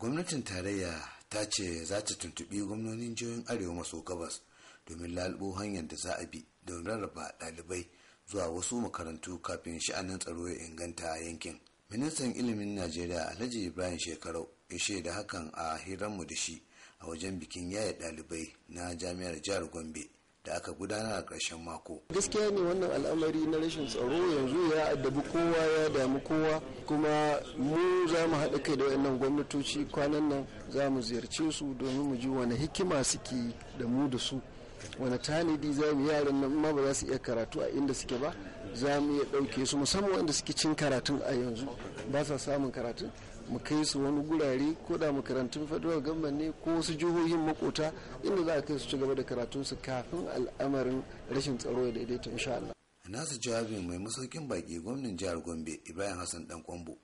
gwamnatin tarayya ta ce za ta tuntuɓi gwamnonin jihohin arewa maso gabas domin lalubo hanyar da za a bi don rarraba ɗalibai zuwa wasu makarantu kafin sha'anin tsaro ya inganta a yankin ministan ilimin najeriya alhaji ibrahim shekarau ya shaida hakan a hirarmu da shi a wajen bikin yaya ɗalibai na jami'ar jihar gombe da aka gudanar a ƙarshen mako. Gaskiya ne wannan al'amari na rashin tsaro yanzu ya addabi kowa ya damu kowa kuma mu za mu haɗa kai da wannan gwamnatoci kwanan nan za mu ziyarce su domin mu ji wani hikima suke da mu da su. wani tanadi za mu yaran nan ma ba za su iya karatu a inda suke ba za mu iya ɗauke su musamman wanda suke cin karatun a yanzu ba sa samun karatun mu kai su wani gurare ko da makarantun federal government ne ko wasu jihohin makota inda za a kai su ci gaba da su kafin al'amarin rashin tsaro ya daidaita insha Allah. nasu jawabin mai masaukin baki gwamnan jihar gombe ibrahim hassan dan kwambo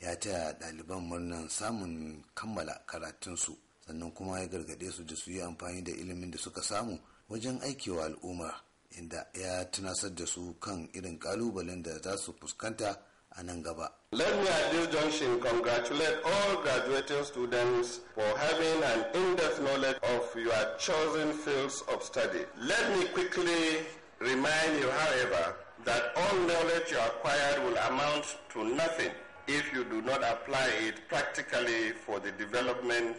ya taya ɗaliban murnan samun kammala karatunsu sannan kuma ya gargaɗe su da su yi amfani da ilimin da suka samu wajen aikewa al'umma inda ya tunasar da su kan irin kalubalen da za su fuskanta a nan gaba. Let me at this junction congratulate all graduating students for having an in-depth knowledge of your chosen fields of study. Let me quickly remind you, however, that all knowledge you acquired will amount to nothing if you do not apply it practically for the development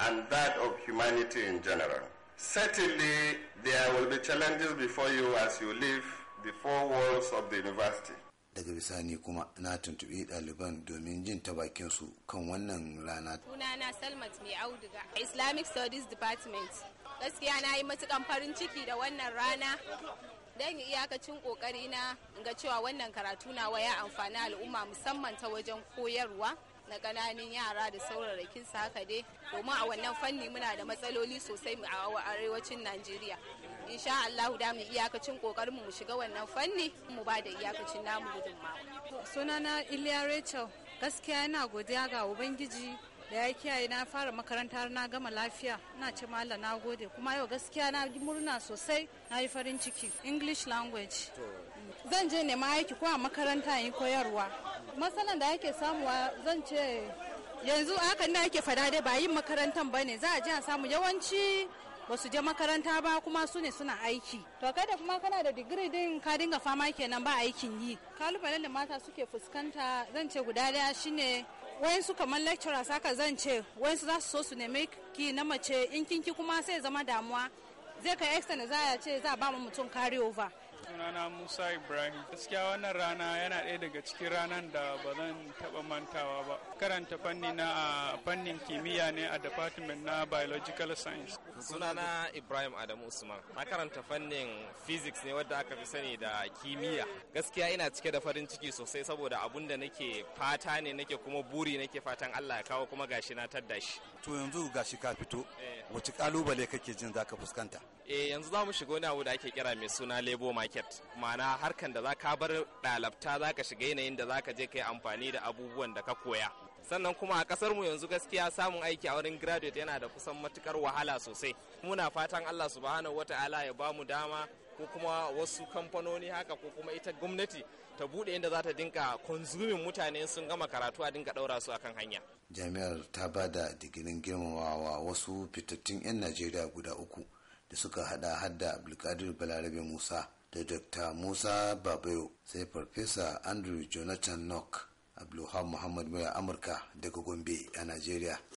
and that of humanity in general. Certainly, there will be challenges before you as you leave the four walls of the university. daga bisani kuma na tuntuɓi ɗaliban domin jin ta bakin su kan wannan rana na salmat mai auduga islamic studies department gaskiya na yi matukan farin ciki da wannan rana don iyakacin kokari na ga cewa wannan karatu na waya amfani al'umma musamman ta wajen koyarwa na ƙananan yara da saurarakin sa haka dai domin a wannan fanni muna da matsaloli sosai a arewacin najeriya insha Allah da mu iyakacin kokarin mu shiga wannan fanni mu ba da iyakacin namu gudunmawa sunana Iliya Rachel gaskiya yana godiya ga ubangiji da ya kiyaye na fara makaranta na gama lafiya na ce Allah na gode kuma yau gaskiya na murna sosai na yi farin ciki English language zan je nema aiki ko a makaranta yin koyarwa matsalan da ake samuwa zan ce yanzu hakan da ake fada dai ba yin makarantan bane za a je a samu yawanci ba je makaranta ba kuma su ne suna aiki to kada kuma kana da digiri din ka dinga fama kenan ba aikin yi kalubalen da mata suke fuskanta zan ce guda daya shine su kamar lecturers haka zan ce su za su so su nemi ki na mace in kinki kuma sai zama damuwa zai kai extend za a ce za a ba mu mutum carry over sunana musa ibrahim gaskiya wannan rana yana ɗaya daga cikin ranar da ba zan taba mantawa ba karanta fanni na a fannin kimiyya ne a department na biological science Sunana Ibrahim Adamu Usman. Na karanta fannin physics ne wadda aka fi sani da kimiyya. Gaskiya ina cike da farin ciki sosai saboda abun da nake fata ne nake kuma buri nake fatan Allah ya kawo kuma gashi na tadda shi. To yanzu gashi ka fito. Eh. Wace kalubale kake jin zaka fuskanta? Eh yanzu za mu shiga wani abu da ake kira mai suna labor market. Ma'ana harkan da za ka bar dalabta za ka shiga yanayin da za ka je ka yi amfani da abubuwan da ka koya. sannan kuma a kasar mu yanzu gaskiya samun aiki a wurin graduate yana da kusan matukar wahala sosai muna fatan Allah subhanahu wataala ya bamu dama ko kuma wasu kamfanoni haka ko kuma ita gwamnati ta bude inda za ta dinka kwanzumin mutane sun gama karatu a dinka daura su akan hanya jami'ar ta ba da digirin girmamawa wasu fitattun 'yan najeriya guda uku da suka hada hadda abdulkadir balarabe musa da dr musa babayo sai farfesa andrew jonathan nock abdulhamu muhammad mai amurka daga gombe a Nigeria.